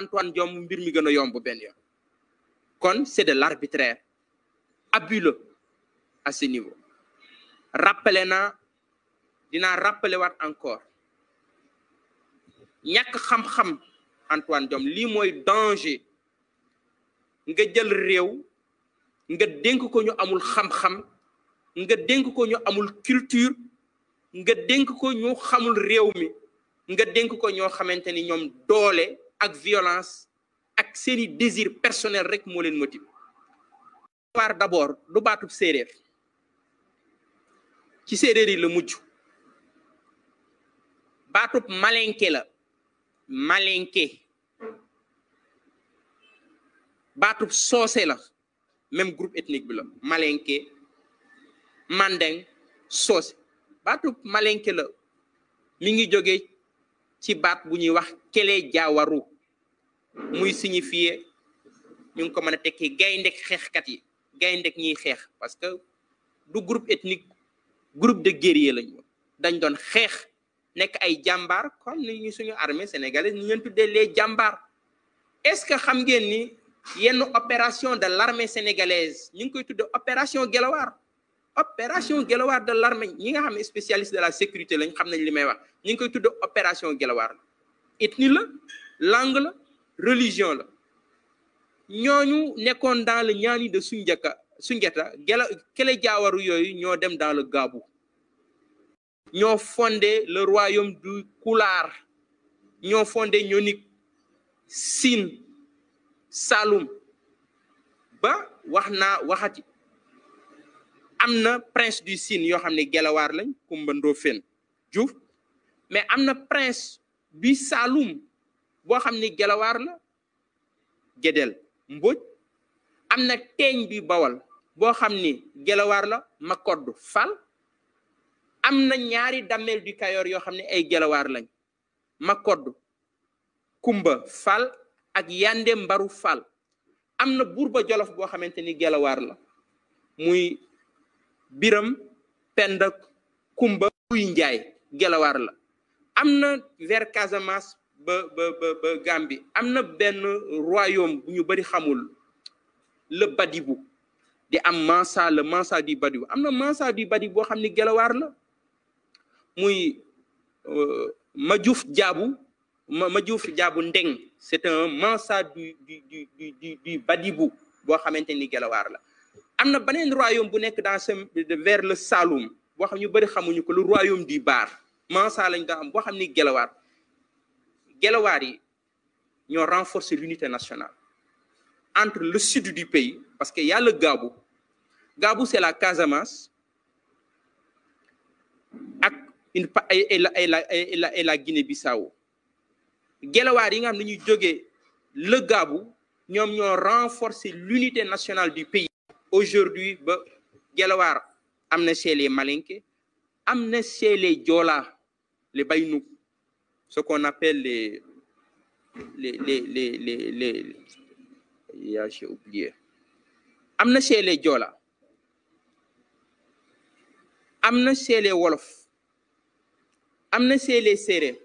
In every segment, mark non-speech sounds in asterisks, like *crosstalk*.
Antoine Diome mbir mi gën a yomb benn yo kon c'est de l'arbitraire abus la à ce niveau rappelé naa dinaa rappelé encore ñàkk xam-xam Antoine Diome lii mooy danger nga jël réew nga dénk ko ñu amul xam-xam nga dénk ko ñu amul culture nga dénk ko ñu xamul réew mi nga dénk ko ñoo xamante ni ñoom doole ak violence ak seeni désir personnel rek moo leen motive waar d'abord du baatub séeréer ci séeréer yi la mujj baatub malinké la malinké baatub soose la même groupe ethnique bi la malinké mandeng soose baatub malinké la mi ngi jógee ci baat bu ñuy wax kele jaawaru muy signifier ñu ngi ko mën a tekki gayndek xeexkat yi gayndek ñiy xeex parce que du groupe ethnique groupe de guerriers lañu woon dañ doon xeex nekk ay jàmbaar comme ni ñu suñu armée sénégalaise ñu leen tuddee les jàmbaar est-ce que xam ngeen ni yenn opération de l'armée sénégalaise ñu ngi koy tuddee opération Gelawaar opération gelawaar de l'armée ñi nga xam ne spécialiste de la sécurité lañ xam nañ li may wax ñu ngi koy tudd opération gelawaar la ethnie la langue la religion la ñooñu nekkoon dans le ñaani de Sunjata Sunjata gela kele jaawaru yooyu ñoo dem dans le Gabou ñoo fondé le royaume du Kulaar ñoo fondé ñoonik Sine Saloum ba wax naa waxati am na prince du Sine yoo xam ne Gelawaar lañ Kumba Ndofène juuf mais am na prince bi Saloum boo xam ne Gelawaar la Gédel Mbodj am na teeñ bi Bawal boo xam ni Gelawaar la Makodd Fall am na ñaari dammel du Kayoor yoo xam ne ay Gelawaar lañ Makodd Kumba Fall ak Yande Mbaru Fall am na Buurba Jolof boo xamante ni Gelawaar la muy biram penda kumba kuy njaay gelawaar la am na vers Casamance ba ba ba Gambie am na benn royaume bu ñu bëri xamul le Badibu di am Mansa le Mansa du Badibu am na Mansa du Badibu boo xam ni gelawaar la muy euh, Majuuf Jaabu Majuuf Jaabu Ndeng c'est un Mansa du du du du Badibu boo xamante ni gelawaar la am na beneen royaume bu nekk dans ce vers le Saloum boo xam ñu bëri xamuñu ko le royaume di Baar Mansa lañ daa am boo xam ni gelawaar gelawaar yi ñoo renforcer l'unité nationale entre le sud du pays parce que y a le Gabou c'est la Casamance ak une pa et la et la et Guinée-Bissau gelawaar yi nga xam ne ñuy jógee le Gabou ñoom ñoo renforcer l'unité nationale du pays. aujourd'hui ba Gelawaar am na chez les am na chez les Joola les Baynuk ce qu'on appelle les les les les les les ya ah, j'ai oublié am na chez les Joola am na chez Wolof am na chez les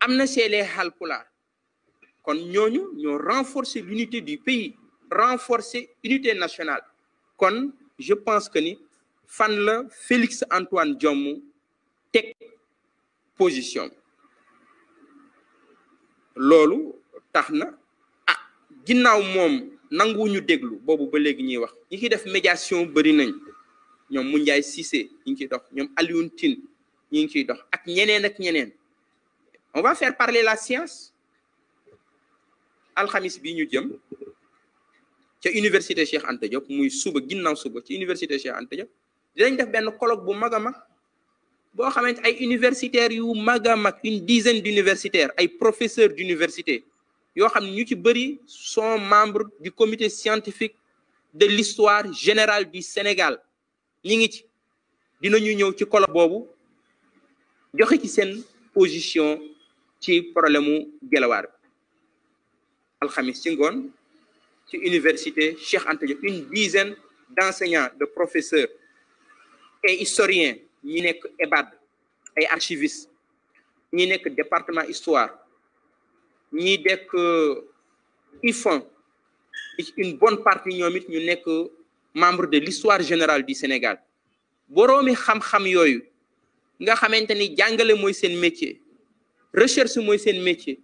am na chez les kon ñooñu ñoo renforcer l'unité du pays renforcer unité nationale kon je pense que ni fan la Félix Antoine Diome teg position loolu tax na ah ginnaaw moom nanguwuñu déglu boobu ba léegi ñuy wax ñi ciy def médiation bëri nañ ñoom Moundiaye Cissé ñu ngi ciy dox ñoom Alioune Tine ñu ngi ciy dox ak ñeneen ak ñeneen on va faire parler la science alxamis bi ñu jëm ca université Cheikh Anta Diop muy suba ginnaaw suba ci université Cheikh Anta Diop dinañ def benn colloque bu mag a mag boo xamante ay universitaires yu mag mag une dizaine d'universitaires ay professeurs d'université yoo xam ne ñu ci bëri sont membre du comité scientifique de l'histoire générale du Sénégal ñi ngi ci dina ñu ñëw ci colloque boobu joxe ci seen position ci problème mu Guelwaar bi alxamis ci ngoon ci université Cheikh Anta Diop une dizaine d'enseignants de professeur et historiens ñi nekk EBAD ay archivistes ñi nekk département histoire ñi dekk euh, IFAN une bonne partie ñoom it ñu nekk membre de l'histoire générale du Sénégal boroomi xam-xam yooyu nga xamante ni jàngale mooy seen métier recherche mooy seen métier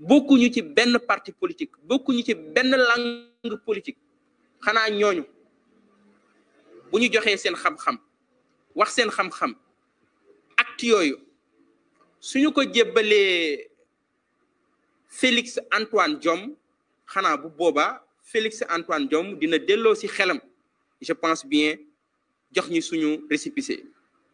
bokkuñu ci benn parti politique bokkuñu ci benn langue politique xanaa ñooñu buñu ñu joxee seen xam-xam wax seen xam-xam acte yooyu suñu ko jébbalee Félix Antoine Diome xanaa bu boobaa Félix Antoine Diome dina delloo ci xelam je pense bien jox ñu suñu récépissé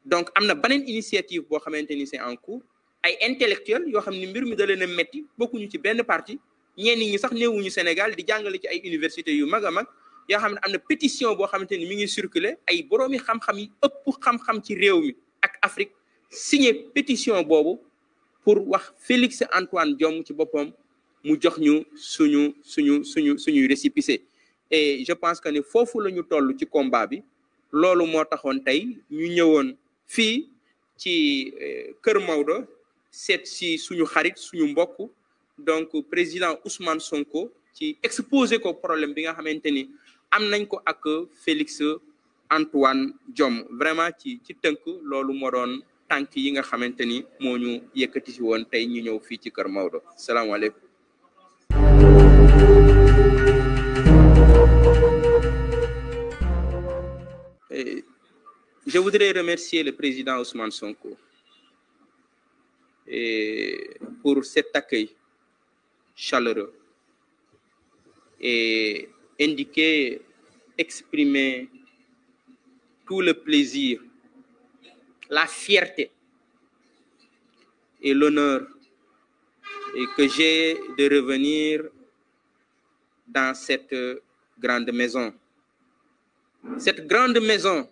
donc am na beneen initiative boo xamante ni c'est en cours ay intellectuels yoo xam ne mbir mi da na a métti bokkuñu ci benn parti ñenn ñi sax néewuñu Sénégal di jàngale ci ay université yu mag a mag yoo xam ne am na pétition boo xamante ni mi ngi circuler ay boroomi xam-xam yi ëpp xam-xam ci réew mi ak Afrique signé pétition boobu pour wax Félix Antoine Diome ci boppam mu jox ñu suñu suñu suñu suñuy récépissé e je pense que ni foofu la ñu toll ci combat bi loolu moo taxoon tey ñu ñëwoon fii ci euh, Kër Maodo seet si suñu xarit suñu mbokk donc président Ousmane Sonko ci exposé ko problème bi nga xamante ni am nañ ko ak Félix Antoine jom vraiment ci ci tënk loolu moo doon tànk yi nga xamante ni moo ñu yëkkati si woon tey ñu ñëw fii ci Kër Maodo salaamaaleykum. Je voudrais remercier le président Ousmane Sonko. et pour cet accueil chaleureux et indiquer, exprimer tout le plaisir, la fierté et l'honneur et que j'ai de revenir dans cette grande maison. Cette grande maison,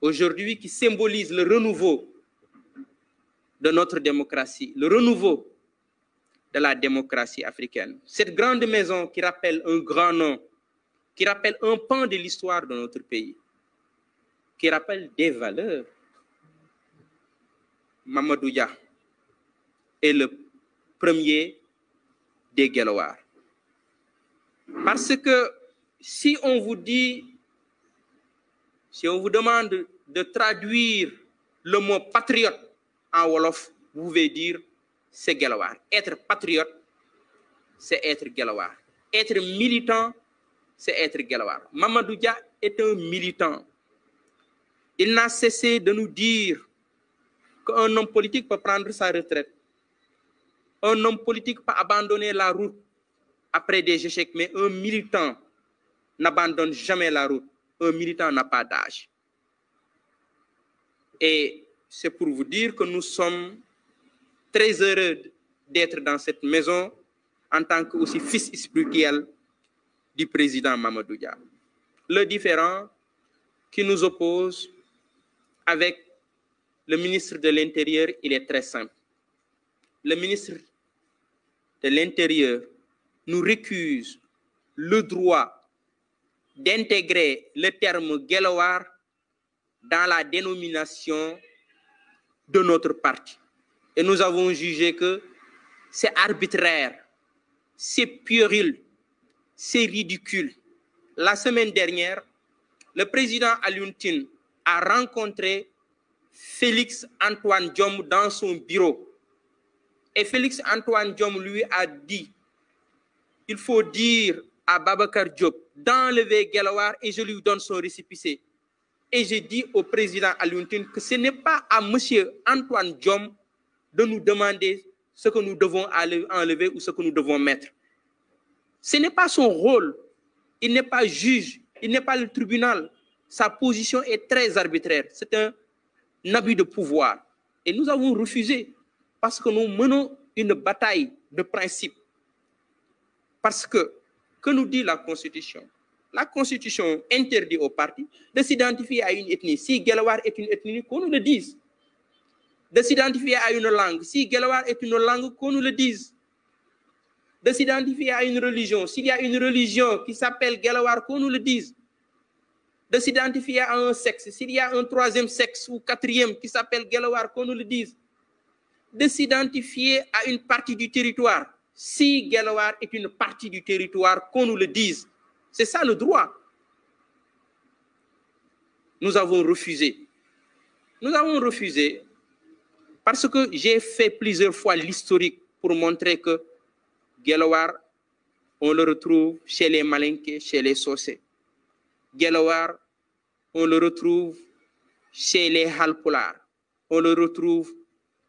aujourd'hui, qui symbolise le renouveau de notre démocratie, le renouveau de la démocratie africaine. Cette grande maison qui rappelle un grand nom, qui rappelle un pan de l'histoire de notre pays, qui rappelle des valeurs. Mamadou Dia est le premier des Guelwaars. Parce que si on vous dit, si on vous demande de traduire le mot patriote en wolof vous pouvez dire c'est Guelwaar être patriote c'est être Guelwaar être militant c'est être Guelwaar Mamadou Dia est un militant il n'a cessé de nous dire qu'un homme politique peut prendre sa retraite un homme politique peut abandonner la route après des échecs mais un militant n'abandonne jamais la route un militant n'a pas d'âge et c'est pour vous dire que nous sommes très heureux d'être dans cette maison en tant que aussi fils spirituel du président Mamadou Dia. Le différent qui nous oppose avec le ministre de l'Intérieur, il est très simple. Le ministre de l'Intérieur nous récuse le droit d'intégrer le terme Guelewar dans la dénomination de notre parti. Et nous avons jugé que c'est arbitraire, c'est puéril, c'est ridicule. La semaine dernière, le président Alioune a rencontré Félix Antoine Diom dans son bureau. Et Félix Antoine Diom lui a dit, il faut dire à Babacar Diop d'enlever Gelawar et je lui donne son récépissé. Et j'ai dit au président Alioune que ce n'est pas à monsieur Antoine Diom de nous demander ce que nous devons enlever ou ce que nous devons mettre. Ce n'est pas son rôle. Il n'est pas juge. Il n'est pas le tribunal. Sa position est très arbitraire. C'est un abus de pouvoir. Et nous avons refusé parce que nous menons une bataille de principe. Parce que, que nous dit la Constitution la Constitution interdit aux partis de s'identifier à une ethnie. Si Guelewar est une ethnie, qu'on nous le dise. De s'identifier à une langue. Si Guelewar est une langue, qu'on nous le dise. De s'identifier à une religion. S'il y a une religion qui s'appelle Guelewar, qu'on nous le dise. De s'identifier à un sexe. S'il un troisième sexe ou quatrième qui s'appelle Guelewar, qu'on nous le dise. De s'identifier à une partie du territoire. Si Guelewar est une partie du territoire, qu'on nous le dise C'est ça le droit. Nous avons refusé. Nous avons refusé parce que j'ai fait plusieurs fois l'historique pour montrer que Gelawar, on le retrouve chez les Malinqués, chez les Sossés. Gelawar, on le retrouve chez les Halpolars. On le retrouve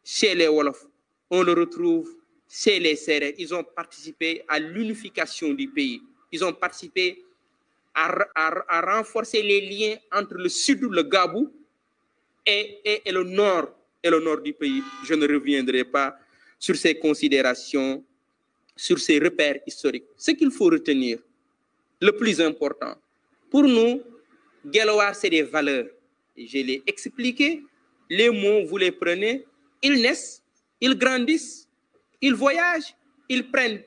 chez les Wolofs. On le retrouve chez les Serrés. Ils ont participé à l'unification du pays. ils ont participé à, à, à renforcer les liens entre le sud, le Gabou, et, et, et, le nord, du pays. Je ne reviendrai pas sur ces considérations, sur ces repères historiques. Ce qu'il faut retenir, le plus important, pour nous, Galois, c'est des valeurs. je l'ai expliqué, les mots, vous les prenez, ils naissent, ils grandissent, ils voyagent, ils prennent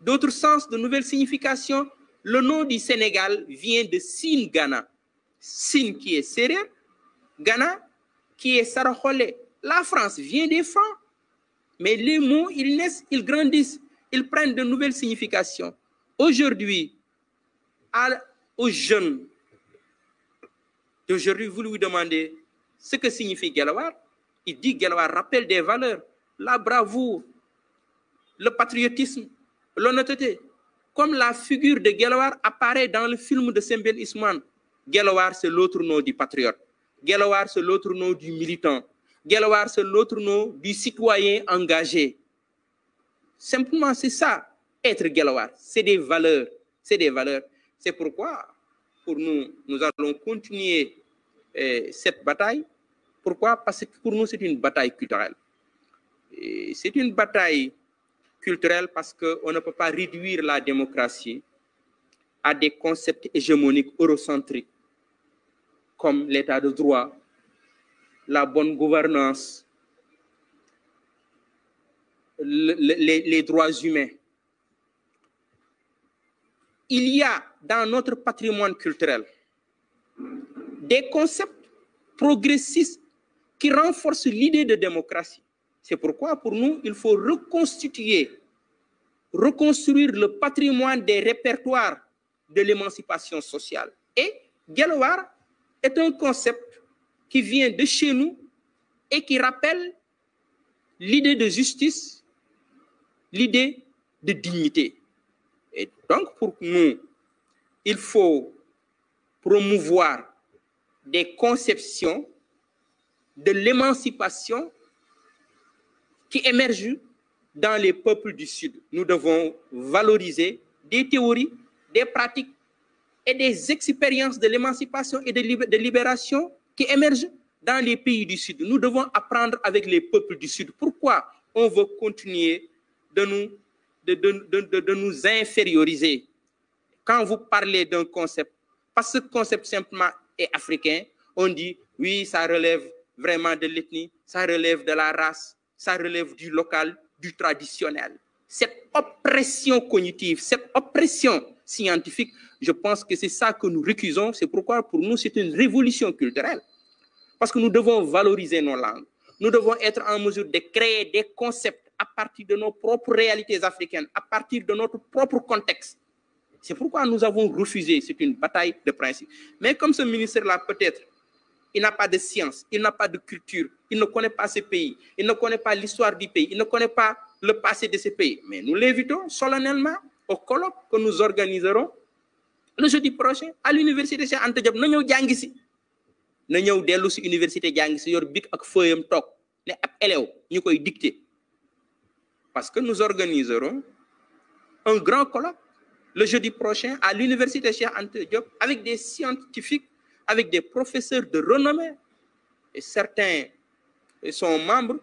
d'autres sens, de nouvelles significations. Le nom du Sénégal vient de Sine Ghana. Sine qui est serré, Ghana qui est Sarahole. La France vient des Francs. Mais les mots, ils naissent, ils grandissent, ils prennent de nouvelles significations. Aujourd'hui, aux jeunes d'aujourd'hui, vous lui demandez ce que signifie Gelawar. Il dit Gelawar rappelle des valeurs, la bravoure, le patriotisme, l'honnêteté. Comme la figure de Gelawar apparaît dans le film de Sembène Isman. Gelawar, c'est l'autre nom du patriote. Gelawar, c'est l'autre nom du militant. Gelawar, c'est l'autre nom du citoyen engagé. Simplement, c'est ça, être Gelawar. C'est des valeurs. C'est des valeurs. C'est pourquoi, pour nous, nous allons continuer eh, cette bataille. Pourquoi Parce que pour nous, c'est une bataille culturelle. C'est une bataille culturelle parce qu'on ne peut pas réduire la démocratie à des concepts hégémoniques eurocentriques comme l'état de droit, la bonne gouvernance, le, les, les droits humains. Il y a dans notre patrimoine culturel des concepts progressistes qui renforcent l'idée de démocratie. C'est pourquoi pour nous, il faut reconstituer reconstruire le patrimoine des répertoires de l'émancipation sociale. Et Gelowar est un concept qui vient de chez nous et qui rappelle l'idée de justice, l'idée de dignité. Et donc, pour nous, il faut promouvoir des conceptions de l'émancipation qui émergent dans les peuples du Sud. Nous devons valoriser des théories, des pratiques et des expériences de l'émancipation et de libération qui émergent dans les pays du Sud. Nous devons apprendre avec les peuples du Sud. Pourquoi on veut continuer de nous, de, de, de, de nous inférioriser Quand vous parlez d'un concept, parce que ce concept simplement est africain, on dit oui, ça relève vraiment de l'ethnie, ça relève de la race, ça relève du local, du traditionnel. Cette oppression cognitive, cette oppression scientifique, je pense que c'est ça que nous récusons. C'est pourquoi pour nous, c'est une révolution culturelle. Parce que nous devons valoriser nos langues. Nous devons être en mesure de créer des concepts à partir de nos propres réalités africaines, à partir de notre propre contexte. C'est pourquoi nous avons refusé. C'est une bataille de principe. Mais comme ce ministère-là, peut-être, il n'a pas de science, il n'a pas de culture, il ne connaît pas ce pays, il ne connaît pas l'histoire du pays, il ne connaît pas le passé de ce pays. Mais nous l'invitons solennellement au colloque que nous organiserons le jeudi prochain à l'université Cheikh Anta Diop na ñëw jàng si na ñëw dellu si université jàng si yor bic ak feuillam toog ne ab élève ñu koy dicter parce que nous organiserons un grand colloque le jeudi prochain à l'université Cheikh Anta Diop avec des scientifiques avec des professeurs de renommée et certains sont membres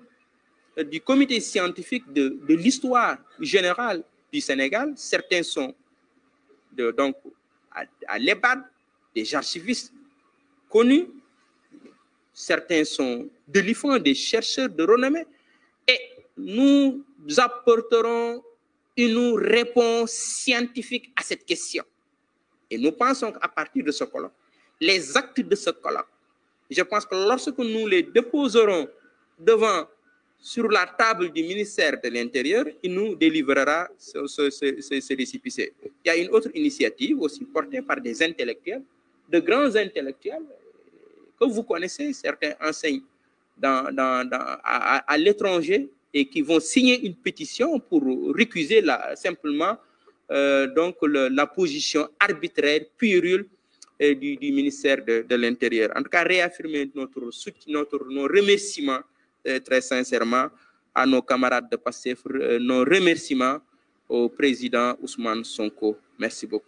euh, du comité scientifique de, de l'histoire générale du Sénégal. Certains sont de, donc à, à l'EBAD, des archivistes connus. Certains sont de l'IFAN, des chercheurs de renommée. Et nous apporterons une réponse scientifique à cette question. Et nous pensons qu'à partir de ce colloque, les actes de ce colloque. Je pense que lorsque nous les déposerons devant, sur la table du ministère de l'Intérieur, il nous délivrera ce, ce, ce, ce récipicé. Il y a une autre initiative aussi portée par des intellectuels, de grands intellectuels que vous connaissez, certains enseignent dans, dans, dans, à, à l'étranger et qui vont signer une pétition pour récuser la, simplement euh, donc le, la position arbitraire, puérile et du, ministère de, de l'Intérieur. En tout cas, réaffirmer notre soutien, notre, nos remerciements euh, très sincèrement à nos camarades de PASSEF, euh, nos remerciements au président Ousmane Sonko. Merci beaucoup.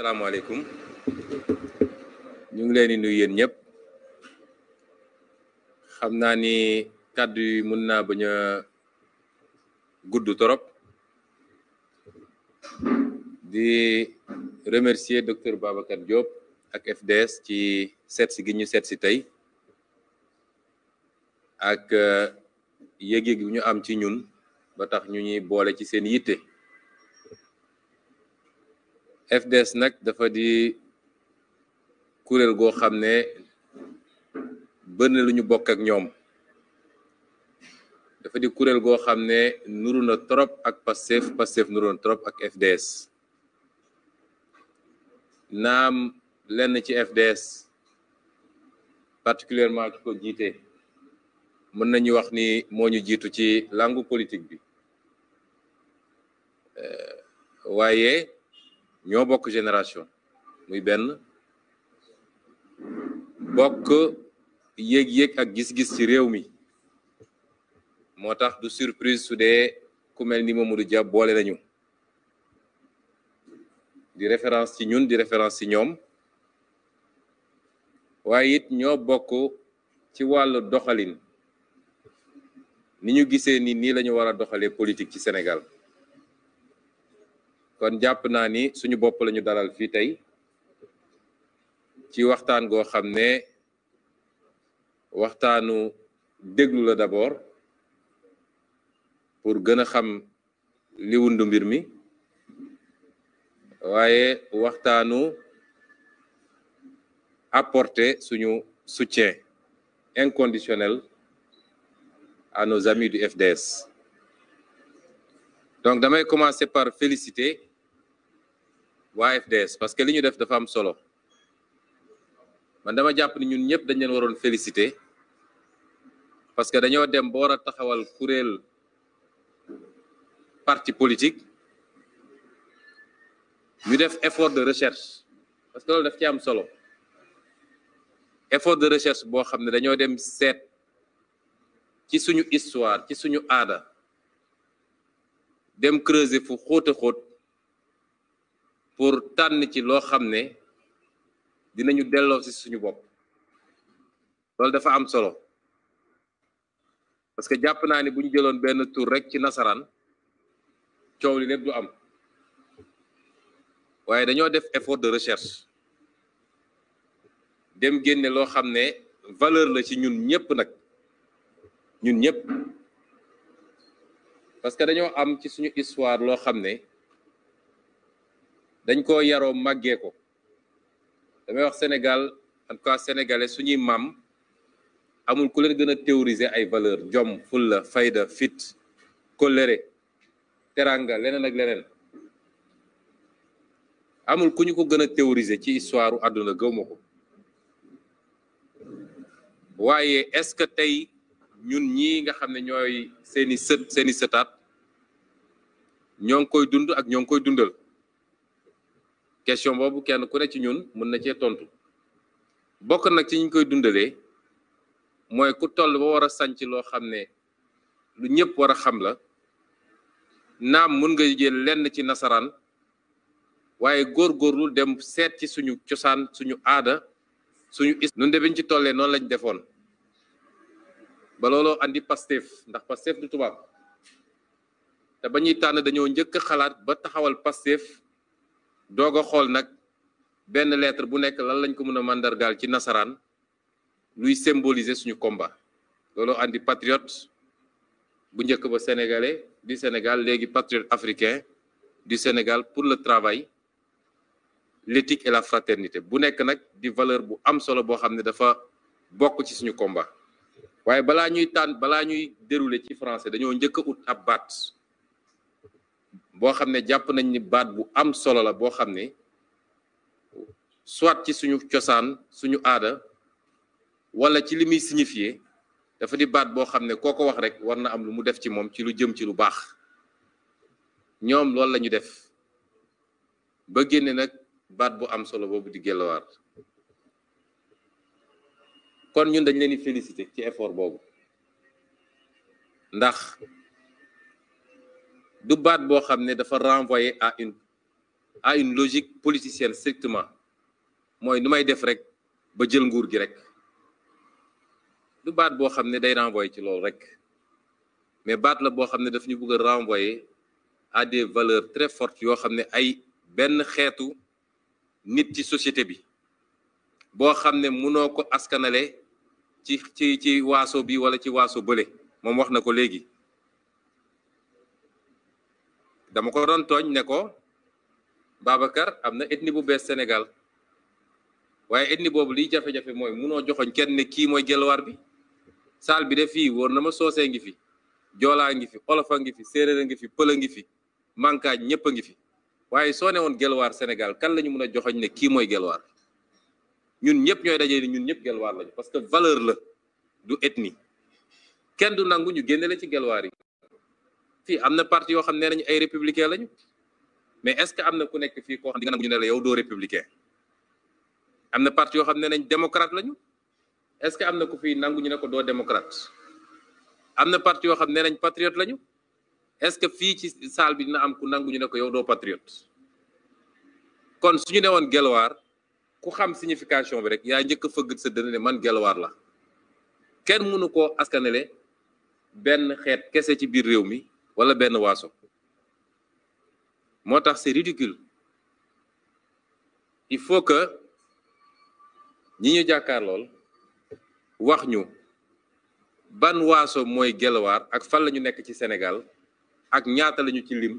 salaamaaleykum ñu ngi leen di nuyu yéen ñëpp xam naa ni kàddu yi mun naa bañ a gudd torop di remercier docteur Babacar Diop ak FDS ci seet gi ñu seet si tey ak euh, yëg-yëg bi ñu am ci ñun ba tax ñu ñuy boole ci seen yitte. FDS nag dafa di kuréel goo xam ne bëri na lu ñu bokk ak ñoom dafa di kuréel goo xam ne nuru na trop ak Pastef Pastef nuru na trop ak FDS naam lenn ci FDS particulièrement ki ko jiite mën nañu wax ni moo ñu jiitu ci langue politik bi euh, waaye ñoo bokk génération muy benn bokk yéeg-yéeg ak gis-gis ci réew mi moo tax du surprise su dee ku mel ni Mamadou Dia boole nañu di référence ci ñun di référence ci ñoom waaye it ñoo bokk ci wàllu doxalin ni ñu gisee ni nii la ñu war a doxalee politique ci Sénégal kon jàpp naa ni suñu bopp lañu dalal fii tey ci waxtaan goo xam ne waxtaanu déglu la d'abord pour gën a xam li wundu mbir mi waaye waxtaanu apporter suñu soutien inconditionnel à nos amis du FDS donc damay commencer par féliciter waa FDS parce que lu ñu def dafa am solo man dama jàpp ñun ñëpp dañ leen waroon féliciter parce que dañoo dem ba war a taxawal kuréel parti politique ñu def effort de recherche parce que loolu daf ci am solo effort de recherche boo xam ne dañoo dem seet ci suñu histoire ci suñu aada dem creuser fu xóot xóot pour tànn ci loo xam ne dinañu delloo si suñu bopp loolu dafa am solo parce que jàpp naa ni bu jëloon benn tour rek ci nasaraan coow li lépp du am waaye dañoo def effort de recherche dem génne loo xam ne valeur la ci ñun ñëpp nag ñun ñëpp parce que dañoo am ci suñu histoire loo xam ne dañ koo yaroo màggee ko damay wax Sénégal en tout cas sénégalais suñuy maam amul ku leen gën a théoriser ay valeur jom fulla fayda fit kóllëre teranga leneen ak leneen amul ku ñu ko gën a théoriser ci histoire àdduna gëwma ko waaye est-ce que tey ñun ñi nga xam ne ñooy seeni sët seeni sëtaat ñoo ngi koy dund ak ñoo ngi koy dundal question boobu kenn ku ne ci ñun mën na cee tontu bokk nag ci koy dundalee mooy ku toll ba war a sànc loo xam ne lu ñëpp war a xam la naam mun nga jël lenn ci nasaraan waaye góorgóorlu dem seet ci suñu cosaan suñu aada suñu is nun biñ ci tollee noonu lañ defoon ba looloo indi Pastef ndax Pastef du tubaab te ba tànn dañoo njëkk xalaat ba taxawal Pastef doog a xool nag benn lettre bu nekk lan lañ ko mën a mandargaal ci nasaraan luy symboliser suñu combat looloo andi patriote bu njëkk ba sénégalais di Sénégal léegi patriote africain di Sénégal pour le travail l'éthique et la fraternité bu nekk nag di valeur bu am solo boo xam ne dafa bokk ci suñu combat waaye balaa ñuy tànn balaa ñuy dérouler ci français dañoo njëkk a ut ab baat boo xam ne jàpp nañ ni baat bu am solo la boo xam ne soit ci suñu cosaan suñu aada wala ci li muy signifier dafa di baat boo xam ne koo ko wax rek war na am lu mu def ci moom ci lu jëm ci lu baax ñoom loolu lañu def ba génne nag baat bu am solo boobu di Guelwaar kon ñun dañ leen di féliciter ci effort boobu ndax du baat boo xam ne dafa renvoyer à une à une logique politicienne strictement mooy nu may def rek ba jël nguur gi rek du baat boo xam ne day renvoyer ci loolu rek mais baat la boo xam ne daf ñu bëgg a renvoyer à des valeurs très fortes yoo xam ne ay benn xeetu nit ci société bi boo xam ne mënoo ko askanale ci ci ci waaso bi wala ci waaso bële moom wax na ko léegi dama ko doon tooñ ne ko Babacar am na ethnie bu bees Sénégal waaye ethnie boobu liy jafe-jafe mooy munoo joxoñ kenn ne kii mooy gelwaar bi saal bi de fii wóor na ma soosee ngi fi joolaa ngi fi olofa ngi fi séeréer ngi fi pël ngi fi mankaañ ñëpp a ngi fi waaye soo ne woon gelwaar Sénégal kan lañu ñu mun a joxoñ ne kii mooy gelwaar ñun ñëpp ñooy dajee ni ñun ñëpp gelwaar lañu parce que valeur la du ethnie kenn du nangu ñu génne la ci gelwaar yi fii am na parti yoo xam ne nañu ay républicain lañu mais est-ce que am na ku nekk fii koo xam di nga nangu ñu ne la yow doo am na parti yoo xam ne nañ démocrate lañu est-ce que am na ku fii nangu ñu ne ko doo démocrate am na parti yoo xam ne nañ patriote lañu est-ce que fii ci salle bi dina am ku nangu ñu ne ko yow doo patriote kon suñu ne woon Guelwaar ku xam signification bi rek yaa njëkk a fëgg sa dënn ne man Guelwaar la kenn mënu koo askanele benn xeet kese ci biir réew mi wala benn waaso moo tax c'est ridicule il faut que ñi ñu jàkkaar lool wax ñu ban waaso mooy gelawaar ak fan la ñu nekk ci senegal ak ñaata lañu ci lim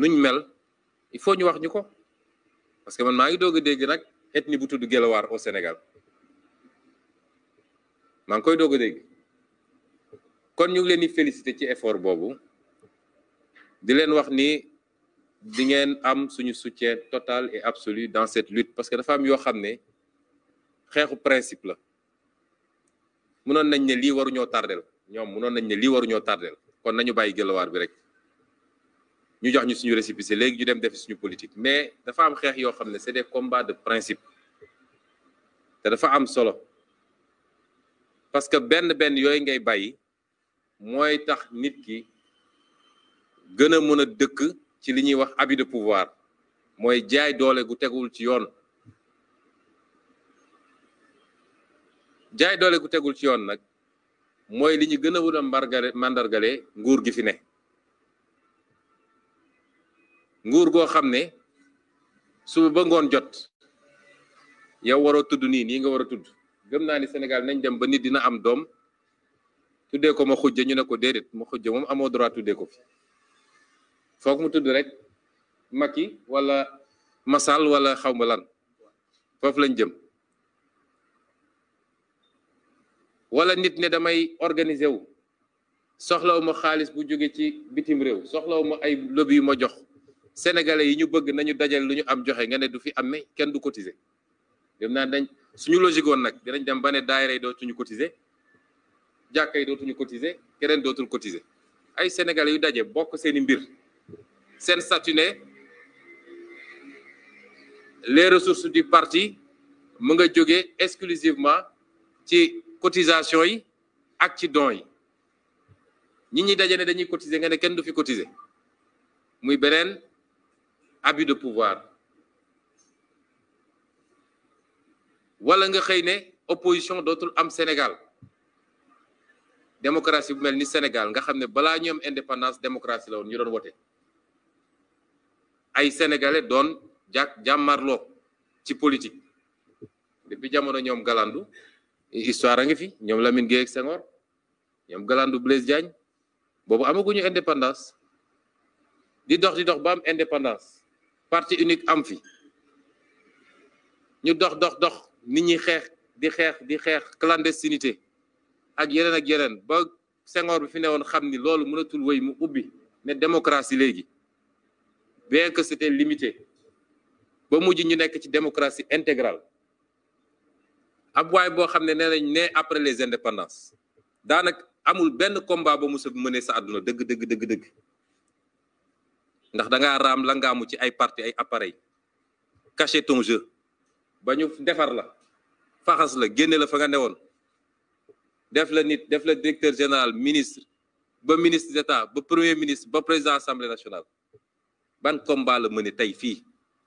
nuñ mel il faut ñu wax ñu ko parce que man maa ngi doog a dégg nag ethnie bu tudd gelawaar au senegal maa ngi koy doog a dégg kon ñu ngi leen di félicité ci effort boobu di leen wax ni di ngeen am suñu soutien total et absolu dans cette lutte parce que dafa am yoo xam ne xeexu principe la mënoon nañ ne lii waruñoo tardel ñoom mënoon nañ ne lii waruñoo tardel kon nañu bàyyi gëlawaar bi rek ñu jox ñu suñu récépissé léegi ñu dem def suñu politique mais dafa am xeex yoo xam ne c'est des combats de principe te dafa am solo parce que benn benn yooyu ngay bàyyi. mooy tax nit ki gën a mën a dëkk ci li ñuy wax abus pouvoir mooy jaay doole gu tegul ci yoon jaay doole gu tegul ci yoon nag mooy li ñu gën a wut a mbargale mandargale nguur gi fi ne nguur goo xam ne suba ba ngoon jot yow waroo tudd nii nii nga war a tudd gëm naa ni senegal nañ dem ba nit dina am doom tuddee ko ma xujja ñu ne ko déedéet ma xujja moom amoo droit tuddee ko fi foog mu tudd rek Macky wala massal wala xaw ma lan foofu lañ jëm wala nit ne damay organiser wu soxlawu ma xaalis bu jóge ci bitim réew soxlawu ma ay lobby yu ma jox sénégalais yi ñu bëgg nañu dajal lu ñu am joxe nga ne du fi amee kenn du cotiser dem naa dañ suñu logique nag dinañ dem ba ne daayira dootuñu cotiser jàkka yi dootuñu cotiser keneen dootul cotiser ay sénégalais yu daje bokk seeni mbir seen statut ne les ressources du parti mu nga jóge exclusivement ci cotisation yi ak ci dons yi ñi ñi daje ne dañuy cotisé nga ne kenn du fi cotiser muy beneen abus de pouvoir wala nga xëy ne opposition dootul am Sénégal démocratie bu mel ni Sénégal nga xam ne balaa ñoom am indépendance démocratie la woon ñu doon wote ay sénégalais doon jàk jàmmarloo ci politique depuis jamono ñoom Galandu histoire a ngi fi ñoom Lamine Gueye ak Senghor ñoom Galandu Blaise Diagne boobu amaguñu indépendance di dox di dox ba am indépendance parti unique am fi ñu dox dox dox nit ñi xeex di xeex di xeex clandestinité ak yeneen ak yeneen ba Senghor bi fi ne newoon xam ni loolu mënatul wéy mu ubbi ne démocratie léegi bien que c'était limité ba mujj ñu nekk ci démocratie intégrale ab waay boo xam ne nee nañ ne après les indépendances daanaka amul benn combat ba mos a mënee sa àdduna dëgg dëgg dëgg ndax da raam la ngaamu ci ay parti ay appareil cacher ton jeu ba ñu defar la faxas la génne la fa nga newoon def la nit def la directeur général ministre ba ministre d'État ba premier ministre ba président assemblée nationale ban combat la mëne tey fii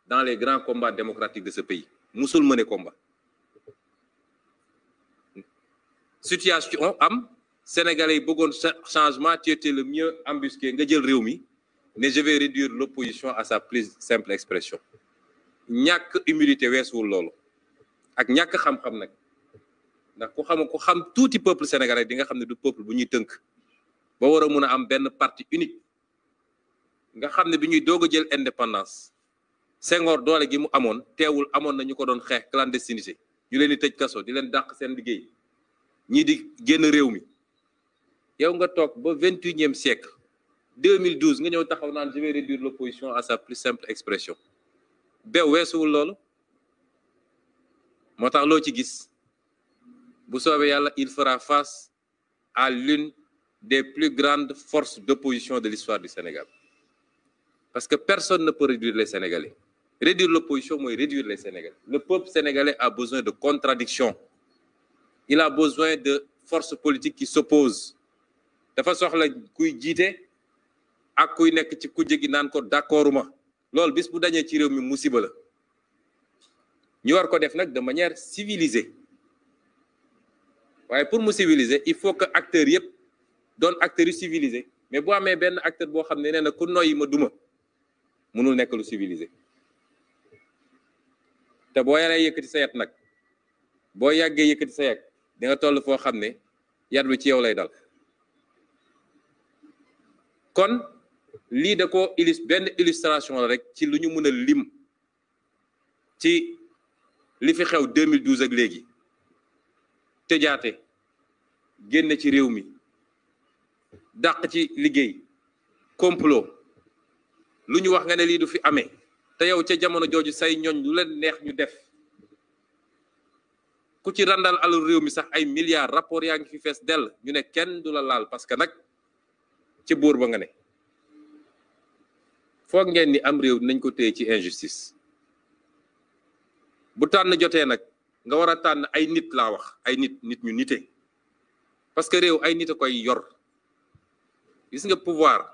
dans les grands combats démocratiques de ce pays musul mëne combat situation am sénégalais yi bëggoon changement tu le mieux embusqué nga jël réew mi ne je vais réduire l'opposition à sa plus simple expression ñàkk humilité weesuwul lool ak ñàkk xam-xam nag ndax ku xam ku xam tuuti peuple sénégalais di nga xam ne du peuple bu ñuy tënk ba war a mun a am benn parti unique nga xam ne bi ñuy doog a jël indépendance Senghor doole gi mu amoon teewul amoon na ñu ko doon xeex clandestinité ñu leen di tëj kaso di leen daq seen liggéey ñii di génn réew mi yow nga toog ba vingt et unième siècle 2012 nga ñëw taxaw naan je vais réduire l'opposition à sa plus simple expression bew weesuwul loolu moo tax loo ci gis bu soobee yàlla il fera face à l'une des plus grandes forces d'opposition de l'histoire du Sénégal parce que personne na peut réduire les Sénégalais réduire l'opposition mooy réduire les Sénégalais le peuple sénégalais a besoin de contradiction il a besoin de forces politiques qui s'opposent dafa soxla kuy jiite ak kuy nekk ci kujje gi naan ko d'accorduma loolu bis bu dañee ci réew mi musiba la ñu war ko def nag de manière civilisée waaye pour mu civiliser il faut que acteurs yëpp doon acteurs yu civilisé mais boo amee benn acteur boo xam ne nee na ku noyyi ma duma mënul nekk lu civilisé te boo yaree yëkkati sa yat nag boo yàggee yëkkati sa yat di nga toll foo xam ne yat bi ci yow lay dal kon lii da ko illus benn illustration la rek ci lu ñu mën a lim ci li fi xew 2012 ak léegi tëjaate génn ci réew mi dàq ci liggéey complot lu ñu wax nga ne lii du fi ame te yow ca jamono jooju say ñoñ lu leen neex ñu def ku ci randal alal réew mi sax ay milliards rapport yaa ngi fi fees dell ñu ne kenn du la laal parce que nag ci buur ba nga ne foog ngeen ni am réew nañ ko téye ci injustice bu tànn jotee nag nga war a tànn ay nit laa wax ay nit nit ñu nite parce que réew ay nit a koy yor gis nga pouvoir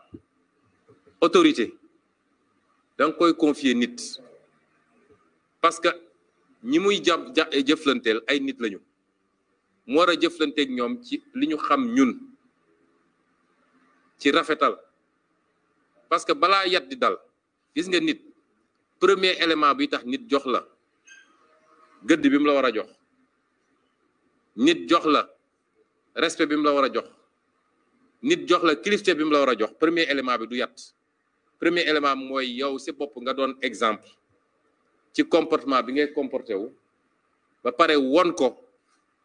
autorité da nga koy confier nit parce que ñi muy jàpp jëflanteel ay nit lañu mu war a jëflanteeg ñoom ci li ñu xam ñun ci rafetal parce que balaa yat di dal gis nga nit premier élément bi tax nit jox la gëdd bi mu la war a jox nit jox la respect bi mu la war a jox nit jox la kilifte bi mu la war a jox premier élément bi du yat premier élément mooy yow si bopp nga doon exemple ci comportement bi ngay comporté wu ba pare won ko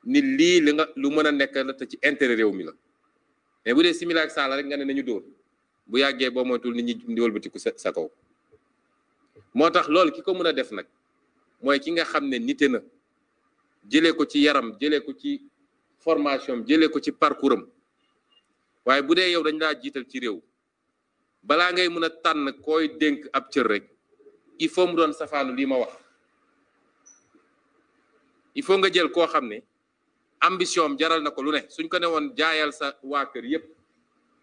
nit lii li nga lu mën a nekk la te ci intérêt réew mi la mais bu dee similaire ak saala rek nga ne na ñu dóor bu yàggee boo moytul nit ñi di wëlbatiku sa sa kaw moo tax loolu ki ko mën a def nag mooy ki nga xam ne nite na jëlee ko ci yaram jëlee ko ci formation jëlee ko ci parcours am waaye bu dee yow dañ laa jiital ci réew balaa ngay mun a tànn koy dénk ab cër rek il faut mu doon safaanu lii ma wax il faut nga jël koo xam ne ambition am jaral na ko lu ne suñ ko ne woon jaayal sa waa kër yépp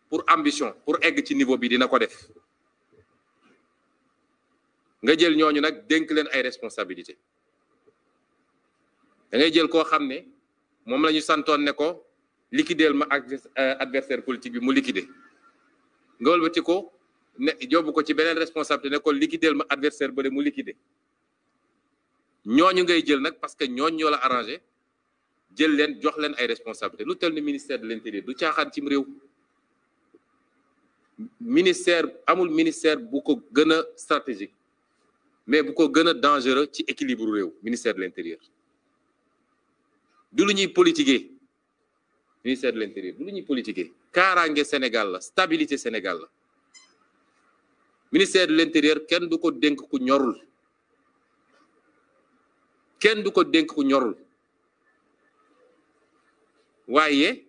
pour ambition pour egg ci niveau bi dina ko def nga jël ñooñu nag dénk leen ay responsabilité dangay jël koo xam ne moom la ñu santoon ne ko liquideel ma ak adversaire politique bi mu liquidé nga wëlbati ko ne joobu ko ci beneen responsabilité ne ko liquideel ma adversaire bële mu liquidé ñooñu ngay jël nag parce que ñooñu ñoo la jël leen jox leen ay responsabilité lu tel ni ministère de l'intérieur du caaxaan cim réew ministère amul ministère bu ko gën a stratégique mais bu ko gën a dangereux ci équilibre réew ministère de l'intérieur du lu ñuy politiquer ministère de lu ñuy politiquer kaaraange Sénégal la stabilité Sénégal la ministère de l'intérieur kenn du ko dénk ku ñorul kenn du ko dénk ku ñorul waaye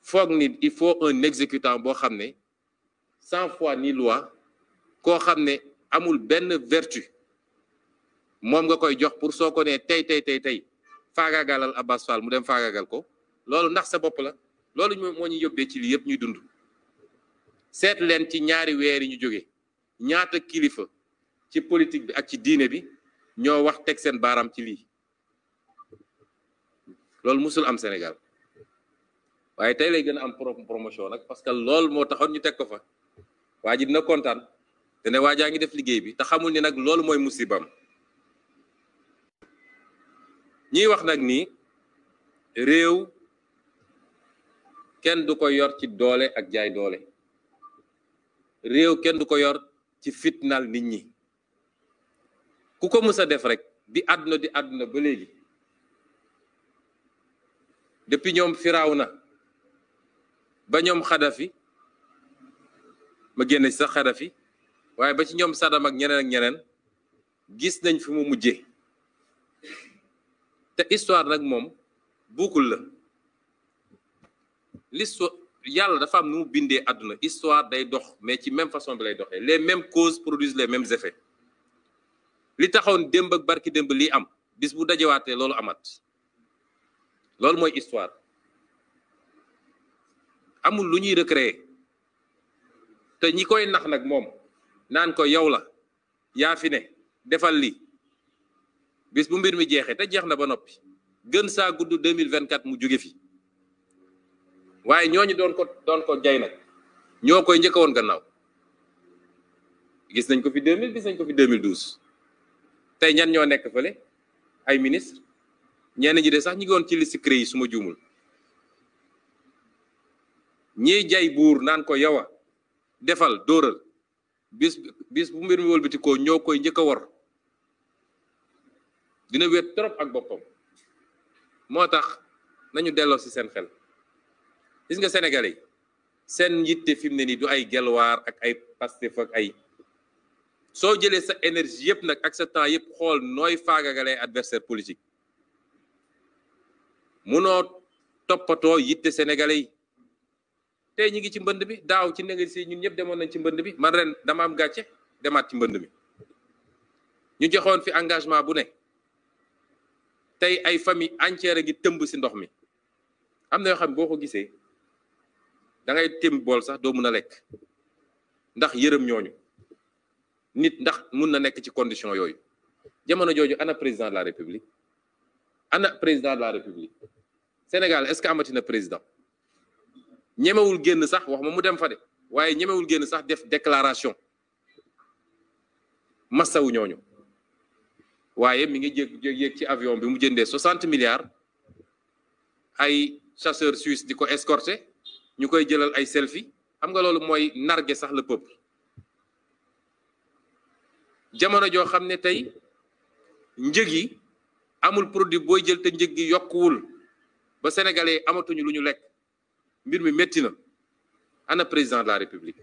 foog ni il faut un exécutant boo xam ne sans fois ni loi koo xam ne amul benn vertu moom nga koy jox pour soo ko nee tey tey tey tey faagaagalal Abass Fall mu dem faagaagal ko loolu ndax sa bopp la loolu moo ñu yóbbee ci lii yëpp ñuy dund seet leen ci ñaari weer yi ñu jóge ñaata kilifa ci politique bi ak ci diine bi ñoo wax teg seen baaraam ci lii loolu musul am Sénégal waaye tey lay gën a am promotion nag parce que lool moo taxoon ñu teg ko fa waa ji dina kontaan. te ne waajaa ngi def liggéey bi te xamul ni nag loolu mooy musibam ñiy wax nag ni réew kenn du ko yor ci doole ak jaay doole réew kenn du ko yor ci fitnaal nit ñi ku ko mës a def rek bi àdduna di àdduna ba léegi depuis ñoom firaaw na ba ñoom xadafi ma génne ci sax xadafi waaye ba ci ñoom Saddam ak ñeneen ak ñeneen gis nañ fi mu mujje te istoire nag moom buukul la l'histoire yàlla dafa am nu mu bindee àdduna histoire day dox mais ci même façon bi lay doxee les mêmes causes produisent les mêmes effets li taxoon démb ak barki démb lii am bis bu dajewaatee loolu amat loolu mooy histoire amul lu ñuy recréer te ñi koy nax nag moom. naan ko yow la yaa fi ne defal li bis bu mbir mi jeexee te jeex na ba noppi gën saa gudd 2024 mu jóge fi waaye ñooñu doon ko doon ko jay nag ñoo koy njëkk gannaaw gis nañ ko fi 2000 gis nañ ko fi 2012 tey ñan ñoo nekk fële ay ministre ñenn ñi de sax ñi ngi woon ci liste CREI yi suma ma juumul ñiy jay buur naan ko yow a defal dóoral bis bis bu mbir mi wëlbati koo ñoo koy njëkk a war dina wéet trop ak boppam moo tax nañu delloo ci seen xel gis nga Sénégalais seen yitte fi mu ne nii du ay gelwaar ak ay Pastef ak ay soo jëlee sa énergie yëpp nag ak sa temps yëpp xool nooy faagagalee adversaire politique munoo toppatoo yitte Sénégalais yi tey ñu ngi ci mbënd bi daaw ci négatif ñun ñëpp demoon nañ ci mbënd bi man ren dama am gàcce demaat ci mbënd mi ñu joxoon fi engagement bu ne tey ay famille entière ngi tëmb si ndox mi am na yoo xam boo ko gisee da ngay tëm bool sax doo mun a lekk ndax yërëm ñooñu nit ndax mun na nekk ci condition yooyu jamono jooju ana président de la république ana président de la république Sénégal est-ce que amati président. ñemewul génn sax wax ma mu dem fa de waaye ñemewul génn sax def déclaration massawu ñooñu waaye mi ngi jég yéeg ci avion bi mu jëndee 60 milliards ay chasseur suisse di ko escorter ñu koy jëlal ay selfie xam nga loolu mooy narge sax le peuple jamono joo xam ne tey njëg yi amul produit booy jël te njëg gi yokkuwul ba sénégalais amatuñu lu ñu lekk mbir mi métti na ana président de la république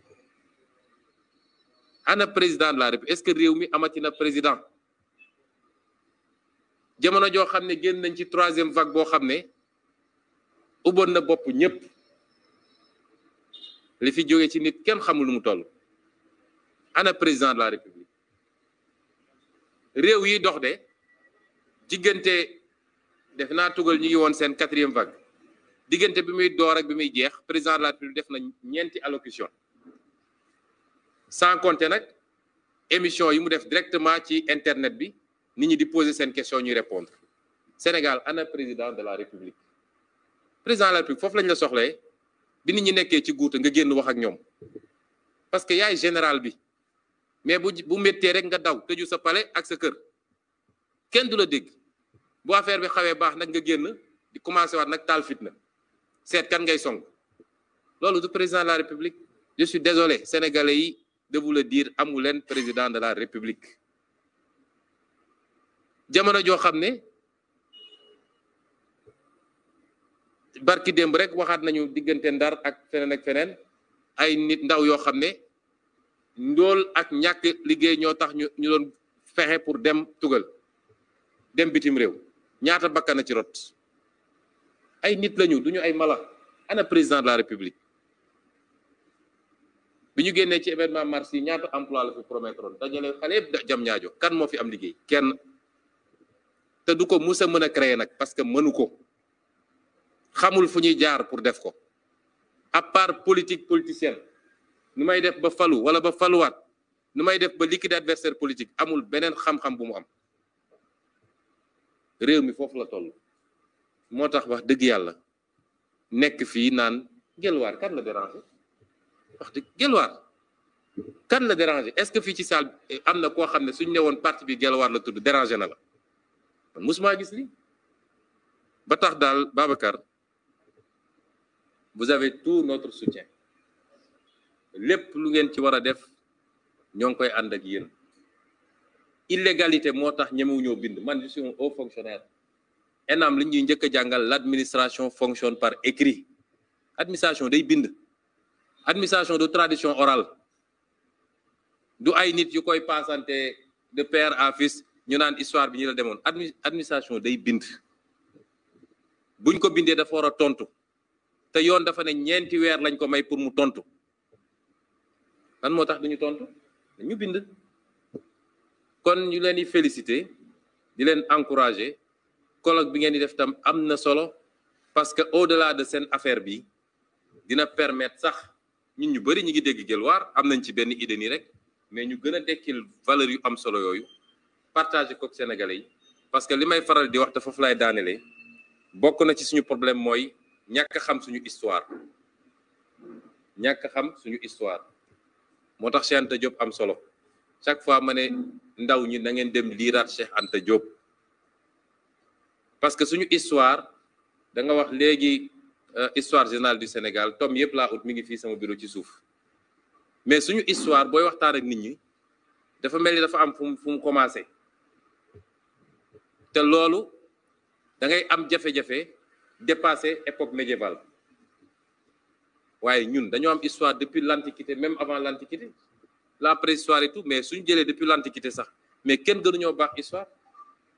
ana président de la république est-ce que réew mi amati na président jamono joo xam ne génn nañ ci troisième vague boo xam ne ubboon na bopp ñëpp li fi jóge ci nit kenn xamul lu mu toll ana président de la république réew yi dox de diggante def naa tugal ñu ngi woon seen quatrième vague. diggante bi muy door rek bi muy jeex président de la République def na ñeenti allocution sans compter nag émission yi mu def directement ci internet bi nit ñi di poser seen question ñuy répondre Sénégal ana président de la République président de la République foofu lañ la soxlee bi nit ñi nekkee ci guuta nga génn wax ak ñoom parce que yaay général bi mais bu bu méttee rek nga daw tëju sa palais ak sa kër kenn du la dégg bu affaire bi xawee baax nag nga génn di commencé waat nag taal fitna seet kan ngay song loolu du président de la république je suis désolé sénégalais yi de diir le amu leen président de la république jamono joo xam ne barki démb rek waxaat nañu diggante ndar ak feneen ak feneen ay nit ndaw yoo xam ne ndool ak ñàkk liggéey ñoo tax ñu ñu doon fexe pour dem tugal dem bitim réew ñaata bakkan na ci rot ay nit lañu ñu ay mala ana président de la république bi ñu génnee ci événement mars yi ñaata emploi la fi promettroon dajale xale yëpp jam ñaajo kan moo fi am liggéey kenn te du ko mus a mën a créer nag parce que mënu ko xamul fu ñuy jaar pour def ko à part politique politicienne nu may def ba falu wala ba faluwaat nu may def ba liquider adversaire politique amul beneen xam-xam bu mu am réew mi foofu la toll moo tax wax dëgg yàlla nekk fii naan gelwaar kan la déranger wax dëgg gelwaar kan la déranger est-ce que fii ci salle eh, am na koo xam ne suñ ne woon parti bi gelwaar la tudd déranger na la man musuma gis li ba tax daal Babacar vous avez tout notre soutien lépp lu ngeen ci war a def ñoo ngi koy ànd ak yéen illégalité moo tax ñoo bind man je suis un haut ENAM li ñuy njëkk a jàngal l' administration fonctionne par écrit administration day bind administration de tradition orale du ay nit yu koy passante de père à fils ñu naan histoire bi ñu la demoon administration day bind buñ ko bindee dafa war a tontu te yoon dafa ne ñeenti weer lañ ko may pour mu tontu lan moo tax duñu tontu ñu bind kon ñu leen di féliciter di leen encourager colloque bi ngeen di def tam am na solo parce que au-delà de seen affaire bi dina permettre sax ñun ñu bëri ñu ngi dégg Guelwaar am nañ ci benn idée nii rek mais ñu gën a dekkil valeur yu am solo yooyu partager kook Sénégalais yi parce que li may faral di wax te foofu laay daanelee bokk na ci suñu problème mooy ñàkk xam suñu histoire ñàkk xam suñu histoire moo tax Cheikh Anta Diop am solo chaque fois ma ne ndaw ñi na ngeen dem liiraat Cheikh Anta Diop. parce que suñu histoire da nga wax léegi euh, histoire générale du Sénégal tom yëpp laa ut mi ngi fii sama bureau ci suuf mais suñu histoire booy waxtaan ak nit ñi dafa mel ni dafa am fu mu fu mu commencé te loolu da ngay am jafe-jafe dépasser époque médiévale waaye ñun dañoo am histoire depuis l'antiquité même avant l'antiquité la préhistoire et tout mais suñu jëlee depuis l'antiquité sax mais kenn gënuñoo baax histoire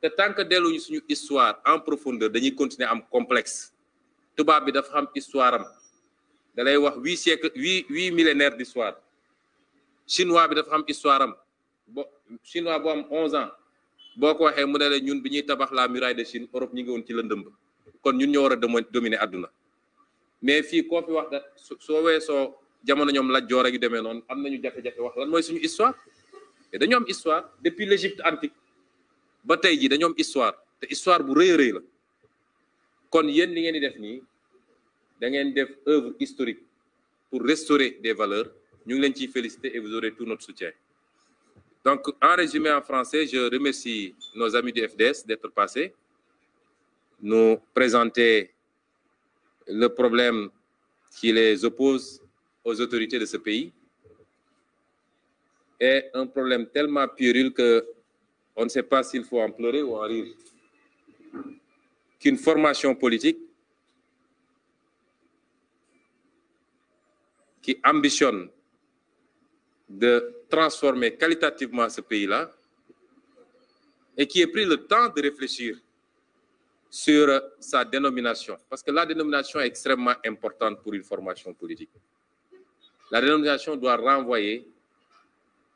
te tant que delluñu suñu histoire en profondeur dañuy continuer am complexe tubaab bi dafa xam histoire am da lay wax huit siècle huit huit millénaires d'histoire chinois bi dafa xam histoire am bo chinois boo am onze ans boo ko waxee mu ne la ñun bi ñuy tabax la muraille de Chine Europe ñu ngi woon ci lëndëm ba kon ñun ñoo war a dominer adduna mais fi koo fi wax da soo soo jamono ñoom la joor ak yu demee noonu am nañu jafe-jafe wax lan mooy suñu histoire dañu am ba tey jii dañoo am histoire te histoire bu rëy la kon yéen li ngeen di def nii da ngeen def œuvre historique pour restaurer des valeurs ñu ngi leen ciy féliciter et vous aurez tout notre soutien donc en résumé en français je remercie nos amis du FDS d'être passés nous présenter le problème qui les oppose aux autorités de ce pays est un problème tellement périlleux que on ne sait pas s'il faut en pleurer ou en rire, qu'une formation politique qui ambitionne de transformer qualitativement ce pays-là et qui ait pris le temps de réfléchir sur sa dénomination. Parce que la dénomination est extrêmement importante pour une formation politique. La dénomination doit renvoyer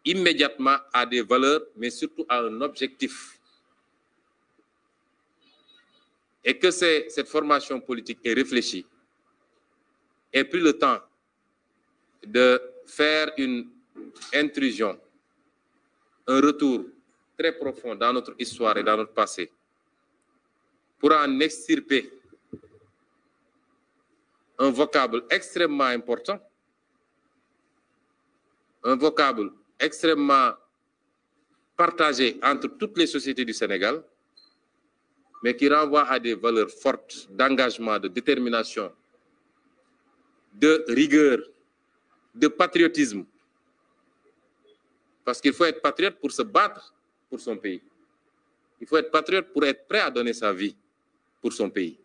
immédiatement à des valeurs, mais surtout à un objectif. Et que cette formation politique est réfléchie et pris le temps de faire une intrusion, un retour très profond dans notre histoire et dans notre passé pour en extirper un vocable extrêmement important, un vocable extrêmement partagé entre toutes les sociétés du Sénégal, mais qui renvoie à des valeurs fortes d'engagement, de détermination, de rigueur, de patriotisme. Parce qu'il faut être patriote pour se battre pour son pays. Il faut être patriote pour être prêt à donner sa vie pour son pays.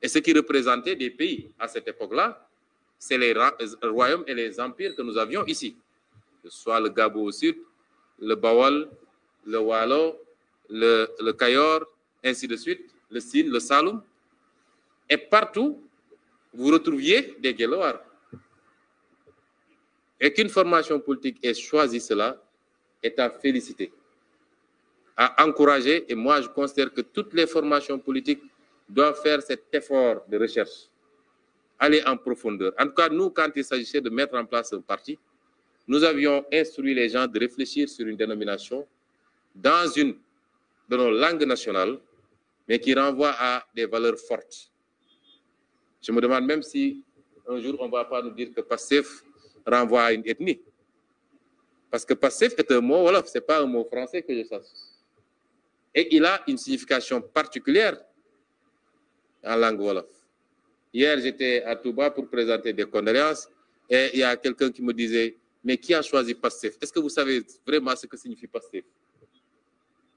Et ce qui représentait des pays à cette époque-là, c'est les euh, royaumes et les empires que nous avions ici. que ce soit le Gabou sud, le Bawol, le Walo, le, le Kayor, ainsi de suite, le Sine, le Saloum. Et partout, vous retrouviez des Guéloars. Et qu'une formation politique ait choisi cela est à féliciter, à encourager. Et moi, je considère que toutes les formations politiques doivent faire cet effort de recherche, aller en profondeur. En tout cas, nous, quand il s'agissait de mettre en place un parti, nous avions instruit les gens de réfléchir sur une dénomination dans une de nos langues nationales, mais qui renvoie à des valeurs fortes. Je me demande même si un jour on ne va pas nous dire que passif renvoie à une ethnie. Parce que passif est un mot voilà, ce n'est pas un mot français que je sache. Et il a une signification particulière en langue wolof. Hier, j'étais à Touba pour présenter des condoléances et il y a quelqu'un qui me disait Mais qui a choisi PASTEF Est-ce que vous savez vraiment ce que signifie PASTEF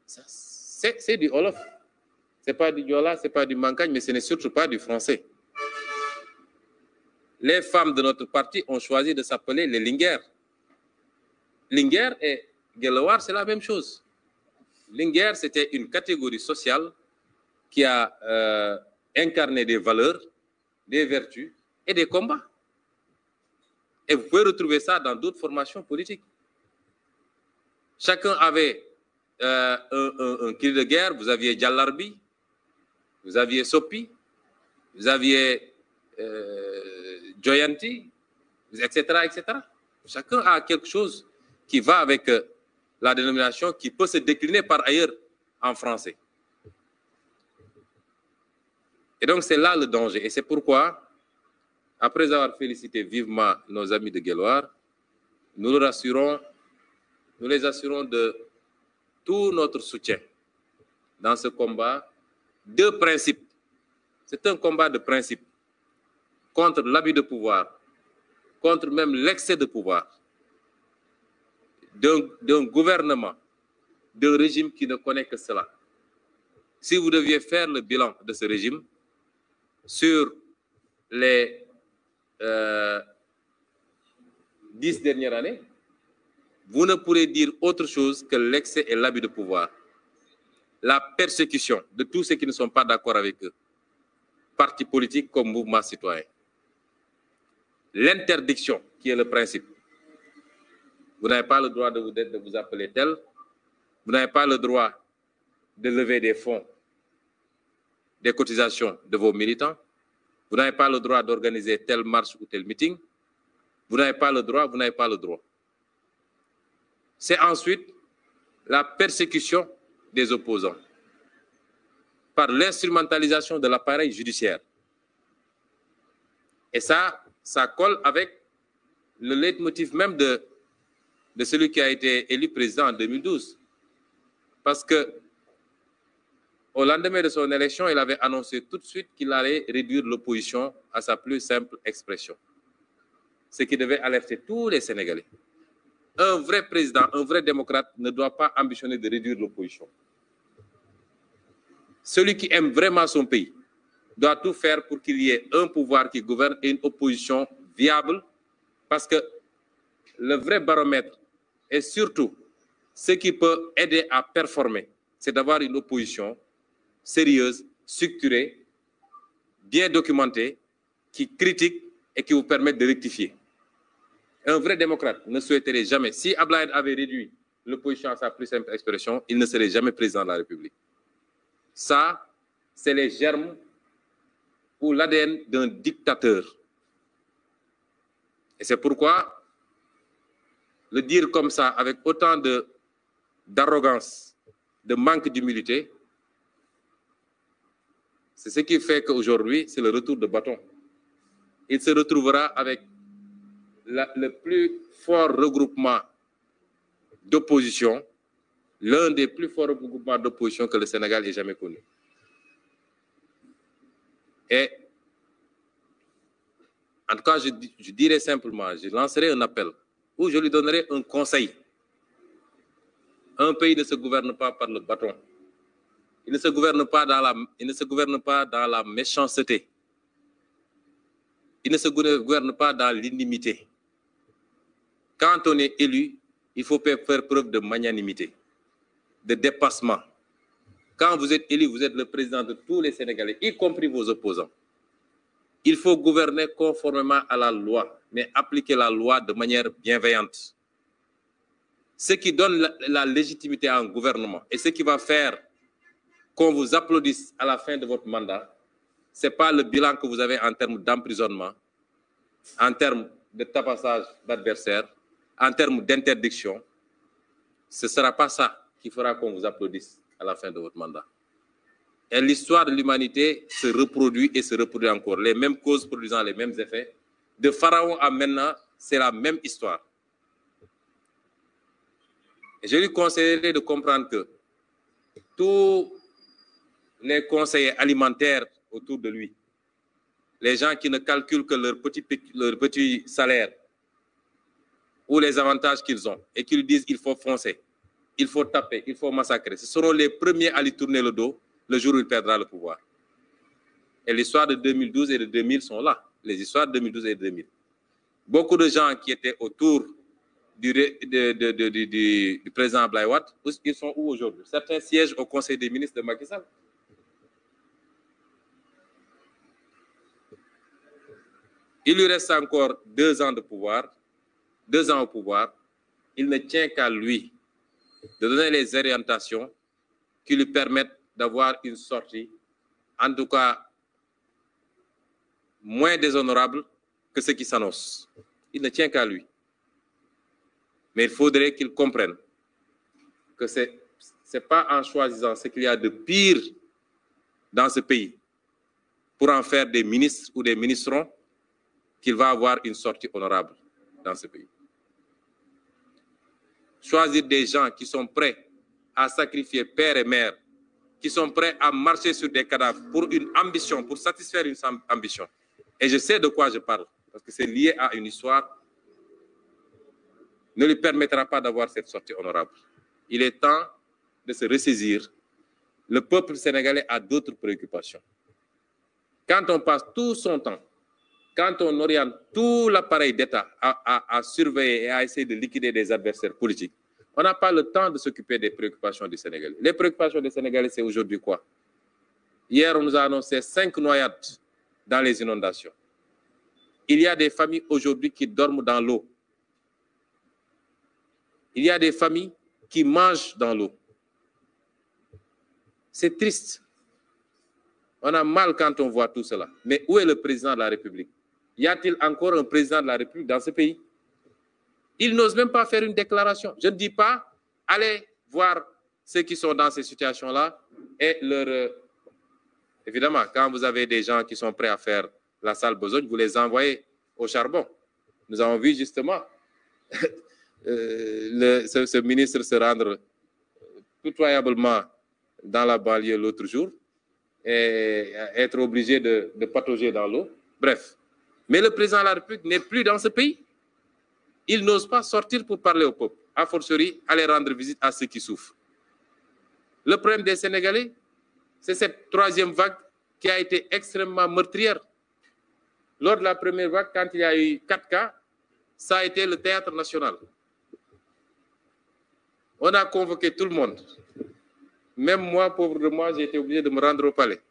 C'est du Olof. Ce n'est pas du Diola, ce n'est pas du Mancagne, mais ce n'est surtout pas du français. Les femmes de notre parti ont choisi de s'appeler les Linger. Linger et Gelawar, c'est la même chose. Linger, c'était une catégorie sociale qui a euh, incarné des valeurs, des vertus et des combats. Et vous pouvez retrouver ça dans d'autres formations politiques. Chacun avait euh, un, un, un, cri de guerre. Vous aviez Djallarbi, vous aviez Sopi, vous aviez euh, Joyanti, etc., etc. Chacun a quelque chose qui va avec euh, la dénomination qui peut se décliner par ailleurs en français. Et donc, c'est là le danger. Et c'est pourquoi Après avoir félicité vivement nos amis de Guéloir, nous, le rassurons, nous les assurons de tout notre soutien dans ce combat de principe. C'est un combat de principe contre l'abus de pouvoir, contre même l'excès de pouvoir d'un gouvernement, d'un régime qui ne connaît que cela. Si vous deviez faire le bilan de ce régime sur les Euh, dix dernières années, vous ne pourrez dire autre chose que l'excès et l'abus de pouvoir, la persécution de tous ceux qui ne sont pas d'accord avec eux, partis politiques comme mouvements citoyens, l'interdiction qui est le principe. Vous n'avez pas le droit de vous, de vous appeler tel, vous n'avez pas le droit de lever des fonds, des cotisations de vos militants, Vous n'avez pas le droit d'organiser telle marche ou tel meeting. Vous n'avez pas le droit, vous n'avez pas le droit. C'est ensuite la persécution des opposants par l'instrumentalisation de l'appareil judiciaire. Et ça, ça colle avec le leitmotiv même de, de celui qui a été élu président en 2012. Parce Au lendemain de son élection, il avait annoncé tout de suite qu'il allait réduire l'opposition à sa plus simple expression, ce qui devait alerter tous les Sénégalais. Un vrai président, un vrai démocrate ne doit pas ambitionner de réduire l'opposition. Celui qui aime vraiment son pays doit tout faire pour qu'il y ait un pouvoir qui gouverne et une opposition viable, parce que le vrai baromètre est surtout ce qui peut aider à performer, c'est d'avoir une opposition sérieuse, structurée, bien documentée, qui critique et qui vous permette de rectifier. Un vrai démocrate ne souhaiterait jamais, si Ablaïd avait réduit l'opposition à sa plus simple expression, il ne serait jamais président de la République. Ça, c'est les germes ou l'ADN d'un dictateur. Et c'est pourquoi le dire comme ça, avec autant d'arrogance, de, de manque d'humilité, C'est ce qui fait qu'aujourd'hui, c'est le retour de bâton. Il se retrouvera avec la, le plus fort regroupement d'opposition, l'un des plus forts regroupements d'opposition que le Sénégal ait jamais connu. Et en tout cas, je, je dirais simplement, je lancerai un appel ou je lui donnerai un conseil. Un pays ne se gouverne pas par le bâton. il ne se gouverne pas dans la il ne se gouverne pas dans la méchanceté il ne se gouverne pas dans l'inimité quand on est élu il faut faire preuve de magnanimité de dépassement quand vous êtes élu vous êtes le président de tous les Sénégalais y compris vos opposants il faut gouverner conformément à la loi mais appliquer la loi de manière bienveillante ce qui donne la, la légitimité à un gouvernement et ce qui va faire qu'on vous applaudisse à la fin de votre mandat, ce n'est pas le bilan que vous avez en termes d'emprisonnement, en termes de tapassage d'adversaires, en termes d'interdiction. Ce ne sera pas ça qui fera qu'on vous applaudisse à la fin de votre mandat. Et l'histoire de l'humanité se reproduit et se reproduit encore. Les mêmes causes produisant les mêmes effets. De Pharaon à maintenant, c'est la même histoire. Et je lui conseillerais de comprendre que tout les conseillers alimentaires autour de lui, les gens qui ne calculent que leur petit, leur petit salaire ou les avantages qu'ils ont et qui lui disent il faut foncer, il faut taper, il faut massacrer. Ce seront les premiers à lui tourner le dos le jour où il perdra le pouvoir. Et l'histoire de 2012 et de 2000 sont là, les histoires de 2012 et de 2000. Beaucoup de gens qui étaient autour du, de, de, de, du président Blaywat, ils sont où aujourd'hui Certains siègent au Conseil des ministres de Macky Sall. Il lui reste encore deux ans de pouvoir, deux ans au pouvoir. Il ne tient qu'à lui de donner les orientations qui lui permettent d'avoir une sortie, en tout cas moins déshonorable que ce qui s'annonce. Il ne tient qu'à lui. Mais il faudrait qu'il comprenne que c'est n'est pas en choisissant ce qu'il y a de pire dans ce pays pour en faire des ministres ou des ministrons qu'il va avoir une sortie honorable dans ce pays. Choisir des gens qui sont prêts à sacrifier père et mère, qui sont prêts à marcher sur des cadavres pour une ambition, pour satisfaire une ambition. Et je sais de quoi je parle, parce que c'est lié à une histoire, ne lui permettra pas d'avoir cette sortie honorable. Il est temps de se ressaisir. Le peuple sénégalais a d'autres préoccupations. Quand on passe tout son temps quand on oriente tout l'appareil d'État à, surveiller et à essayer de liquider des adversaires politiques, on n'a pas le temps de s'occuper des préoccupations du Sénégal. Les préoccupations des Sénégalais, c'est aujourd'hui quoi Hier, on nous a annoncé cinq noyades dans les inondations. Il y a des familles aujourd'hui qui dorment dans l'eau. Il y a des familles qui mangent dans l'eau. C'est triste. On a mal quand on voit tout cela. Mais où est le président de la République y a-t-il encore un président de la République dans ce pays Ils n'osent même pas faire une déclaration. Je ne dis pas, allez voir ceux qui sont dans ces situations-là et leur... Euh, évidemment, quand vous avez des gens qui sont prêts à faire la salle besogne, vous les envoyez au charbon. Nous avons vu justement *laughs* euh, le, ce, ministre se rendre pitoyablement dans la banlieue l'autre jour et être obligé de, de patauger dans l'eau. Mais le président de la République n'est plus dans ce pays. Il n'ose pas sortir pour parler au peuple, a fortiori aller rendre visite à ceux qui souffrent. Le problème des Sénégalais, c'est cette troisième vague qui a été extrêmement meurtrière. Lors de la première vague, quand il y a eu quatre cas, ça été le théâtre national. On a convoqué tout le monde. Même moi, pauvre de moi, j'ai été obligé de me rendre au palais.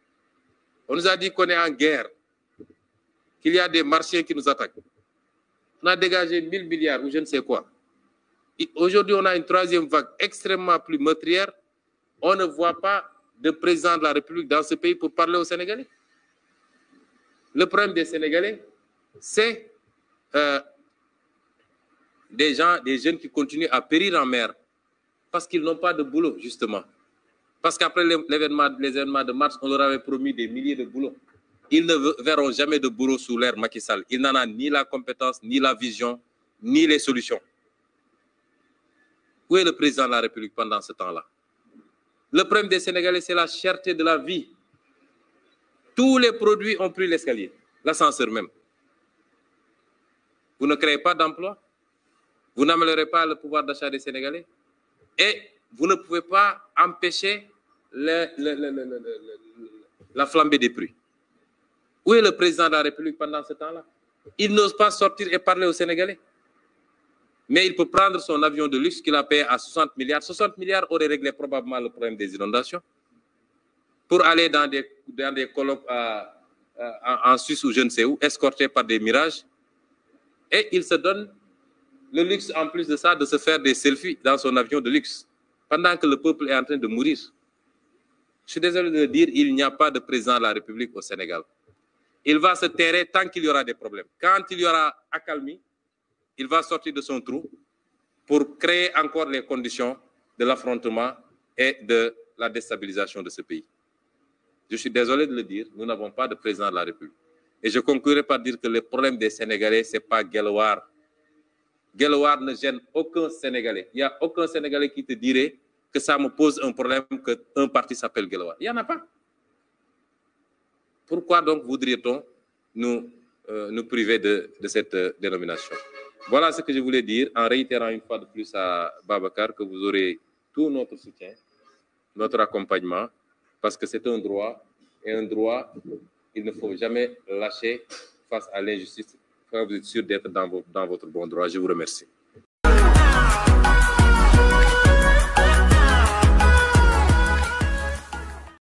On nous a dit qu'on est en guerre. qu'il y a des marchés qui nous attaquent. On a dégagé 1000 milliards ou je ne sais quoi. Aujourd'hui, on a une troisième vague extrêmement plus meurtrière. On ne voit pas de président de la République dans ce pays pour parler aux Sénégalais. Le problème des Sénégalais, c'est euh, des gens, des jeunes qui continuent à périr en mer parce qu'ils n'ont pas de boulot, justement. Parce qu'après l'événement, les événements de mars, on leur avait promis des milliers de boulots. Ils ne verront jamais de bourreau sous l'ère Macky Il n'en a ni la compétence, ni la vision, ni les solutions. Où est le président de la République pendant ce temps-là? Le problème des Sénégalais, c'est la cherté de la vie. Tous les produits ont pris l'escalier, l'ascenseur même. Vous ne créez pas d'emplois, vous n'améliorez pas le pouvoir d'achat des Sénégalais et vous ne pouvez pas empêcher la flambée des prix. Où est le président de la République pendant ce temps-là? Il n'ose pas sortir et parler aux Sénégalais. Mais il peut prendre son avion de luxe qu'il a payé à 60 milliards. 60 milliards auraient réglé probablement le problème des inondations. Pour aller dans des dans des colloques à, à, en Suisse ou je ne sais où, escorté par des mirages. Et il se donne le en plus de ça de se faire des selfies dans son avion de luxe pendant que le peuple est en train de mourir. Je suis désolé de le dire, il n'y a pas de président de la Sénégal. il va se terrer tant qu'il y aura des problèmes. Quand il y aura accalmie, il va sortir de son trou pour créer encore les conditions de l'affrontement et de la déstabilisation de ce pays. Je suis désolé de le dire, nous n'avons pas de président de la République. Et je conclurai par dire que le problème des Sénégalais, ce n'est pas Guélouard. Guélouard ne gêne aucun Sénégalais. Il n'y a aucun Sénégalais qui te dirait que ça me pose un problème qu'un parti s'appelle Guélouard. Il n'y en a pas. Pourquoi donc voudrait-on nous, euh, nous priver de, de cette euh, dénomination Voilà ce que je voulais dire en réitérant une fois de plus à Babacar que vous aurez tout notre soutien, notre accompagnement, parce que c'est un droit, et un droit, il ne faut jamais lâcher face à l'injustice, d'être dans votre bon droit. Je vous remercie.